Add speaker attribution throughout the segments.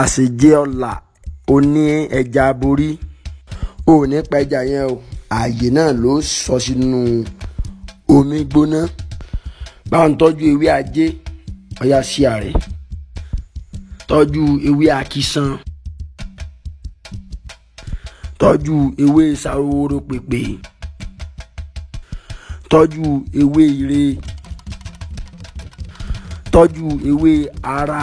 Speaker 1: àsèjẹ ọ̀là oní ẹja aborí ò ní ẹja yẹn o ààyè náà ló sọ sínú omi gbóná báwo ń tọ́jú ewé ajé ọ̀yà sí ààrẹ tọ́jú ewé akisan tọ́jú ewé saroworo pèpè tọ́jú ewé ire tọ́jú ewé ara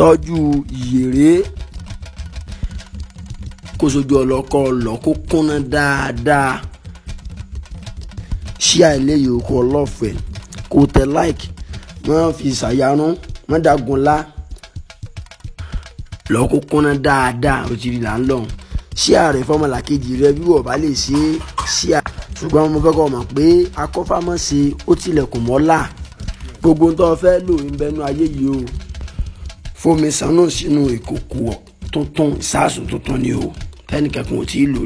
Speaker 1: tọ́jú ìyèrè kó sojú ọlọ́kọ lọ kó kúnná dáadáa ṣí àìlèyè oko ọlọ́fẹ̀ kó tẹ like wọ́n fi ṣàyàrún wọ́n dàgùn lá lọ kó kúnná dáadáa ó ti rí là ń lọ ṣí ààrẹ fọmọlà kejì rẹ bí wọ́n bá lè ṣe é ṣí à ṣùgbọ́n mo fẹ́ kọ́ mọ̀ pé akọ́fàmọ́sí ó tilẹ̀kùn mọ́là gbogbo tó fẹ́ lò ń bẹnu ayé yìí o fómi sanú sínú ìkòkò tuntun ìsáàsùn tuntun ni o tẹnikẹ́kun ò tí ì lò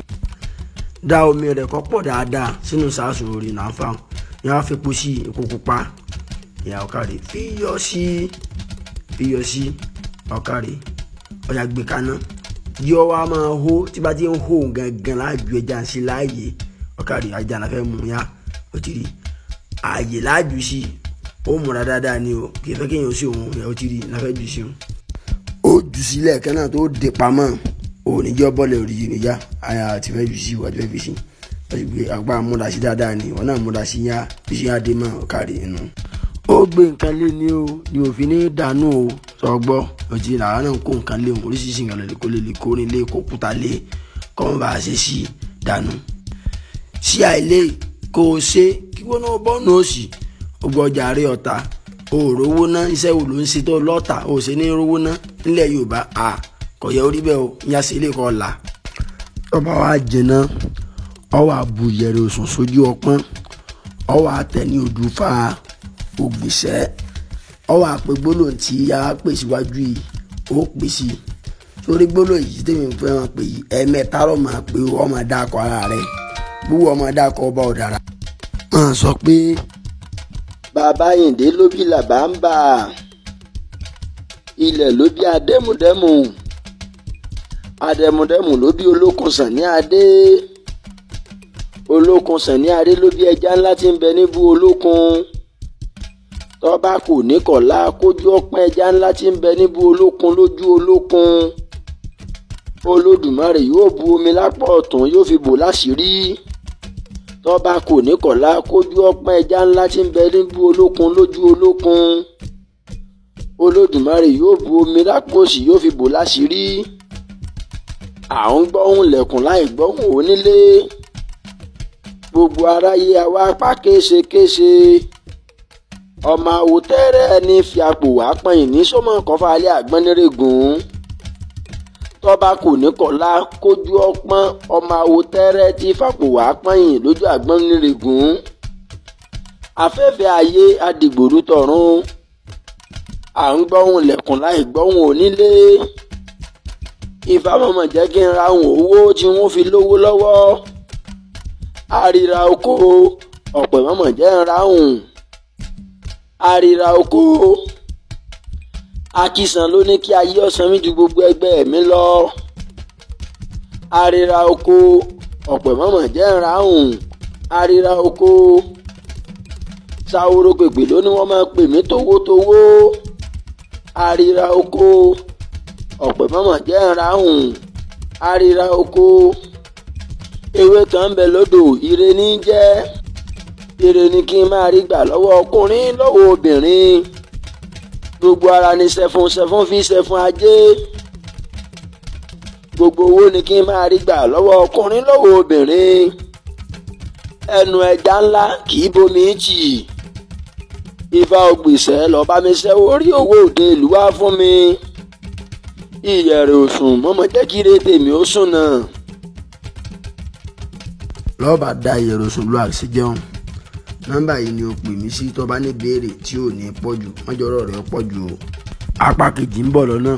Speaker 1: da omi rẹ̀ kó pọ̀ dáadáa sínú ìsáàsùn orí náà fáwọn ni wọ́n á fepo sí epo pupa ìyá ọ̀kàrè fíyọ sí fíyọ sí ọ̀kàrè ọ̀yà gbé kaná yọ wa máa hó tí bá ti ń hó gangan láàjù ẹja sí láàyè ọ̀kàrè ajá la fẹ́ mú ya ó ti rí ààyè láàjù sí ó múra dáadáa ni o kì í fẹ́ kéèyàn sí òun ẹ̀ ó ti rí la fẹ́ jù sí òun jù sílẹ̀ kan náà tó dè pamọ́ oníjọ́ bọ́ọ̀lù òrìjì níjà àti fẹ́ fi sí wà ti fẹ́ fi sí àgbà múdàsí dáadáa ni wọn náà múdàsí yá fi sí adé mọ́ kárí inú. ó gbé nǹkan lé ní o ni òfin ní dànù o sọgbọ́ òtí làwọn náà ń kó nǹkan lé oríṣiríṣi nǹkan lè kó lè lè kó nílé kó kúta lé kọ́n bá a ṣe sí dànù. sí àìlè kò ṣe kí bọ́ọ̀nù òsì ó òòrówó ná iṣẹ́ wo ló ń ṣe tó lọ́ọ̀tà ò ṣe ní rówó ná nílẹ̀ yorùbá à kò yẹ orí bẹ́ẹ̀ o ìyá sí ilé kan là ọba wa jẹ̀nà ọwọ́ àbù yẹ̀rẹ̀ òsùn sójú ọpọ́n ọwọ́ àtẹni òdùfà ògbìṣẹ́ ọwọ́ àpè gbólóhùn tí a pè síwájú yìí ó pè sí i sórí gbólóhùn yìí tèmi ń fẹ́ wọn pè yìí ẹ̀ẹ̀mẹ́ta ló máa pè ọmọ dákọ̀ ara rẹ̀ gbówó ọmọ dákọ̀ ọba ọ̀dàrà máa sọ pé bàbá Àyìndé ló bí làbámbà ilẹ̀ lobi bí adẹ́mùdẹ́mù adẹ́mùdẹ́mù ló bí olókun Sàní Adé olókun Sàní Adé lobi bí ẹja ńlá tí ń bẹ níbú olókun tọ́ba kò ní kọ̀lá kójú ọpọ́n ẹja ńlá tí ń bẹ níbú olókun lójú olókun olódùmarè yóò bu omi lápọ̀ ọ̀tún yóò fi bò láṣìírí tọ́ba kò ní kọ̀lá kójú ọpọ́n ẹja ńlá tí ń bẹ níbú olókun lójú olókun olódùmarè yóò bu omi lápòsí yóò fi bò láṣìírí à ń gbọ́hùn lẹ̀kùn láì gbọ́hùn onílé gbogbo aráyé àwa apá késekése ọmọ àwòtẹ́rẹ́ ẹni fi àpò wá pọ̀yìn ní sọ́mọ́ kọfà alẹ́ àgbọ́nrẹ́gùn tọ́ba kò ní kọ́lá kójú ọpọ́n ọmọ àwo tẹ́rẹ́ tí fàpòwá pọ́yìn lójú àgbọ̀n nírègùn afẹ́fẹ́ ayé adìgbòrú tọ̀run à ń gbọ́hùn lẹ̀kùn láì gbọ́hùn onílé ìfàmọ́mọ́ jẹ́ kí n ra ohun owó tí wọ́n fi lówó lọ́wọ́ àríra oko ọ̀pẹ̀ jẹ́ ń ra ohun àríra oko. Akísan ló ní kí ayé ọ̀sán mi ju gbogbo ẹgbẹ́ mi lọ. Arira oko ọ̀pẹ̀ mọ̀mọ̀ jẹ́ ń ra òun arira oko saworo gbègbè ló ní wọ́n máa pè mí towótowó arira oko ọ̀pẹ̀ mọ̀mọ̀ jẹ́ ń arira oko ewé kan bẹ lódò ire ní jẹ́ kí n máa rí gbà lọ́wọ́ ọkùnrin lọ́wọ́ obìnrin gbogbo ara ni sẹfún sẹfún fi sẹfún ajé gbogbo owó ni kí n máa rí gbà lọ́wọ́ ọkùnrin lọ́wọ́ obìnrin ẹnu ẹja ńlá kì í bomi jì ifá ògbìsẹ́ lọ́ọ́ bá mi sẹ́wọ́ orí owó òde ìlú wá fún mi ìyẹ̀rẹ̀ òsùn mọ́mọ́ jẹ́ kí ire tèmi ó sùn náà lọ́ọ́ da ìyẹ̀rẹ̀ òsùn lọ àṣìjẹun. nọmba yìí ni o pè mí sí tó bá ní béèrè tí ò ní pọ̀jù mọ́jọ́rọ̀ rẹ̀ pọ̀jù o apá kejì ń bọ̀ lọ́nà.